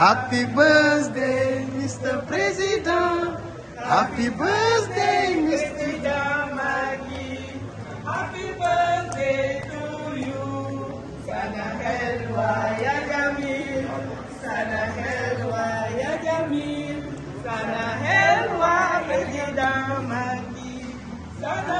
Happy birthday, Mr. President. Happy birthday, Mr. Damagi. Happy birthday to you. Sana helwa ya Jamil. Sana helwa ya Jamil. Sana helwa President Damagi. Sana